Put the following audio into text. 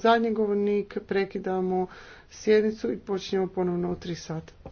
zadnji govornik, prekidamo sjednicu i počinjemo ponovno u 3 sata.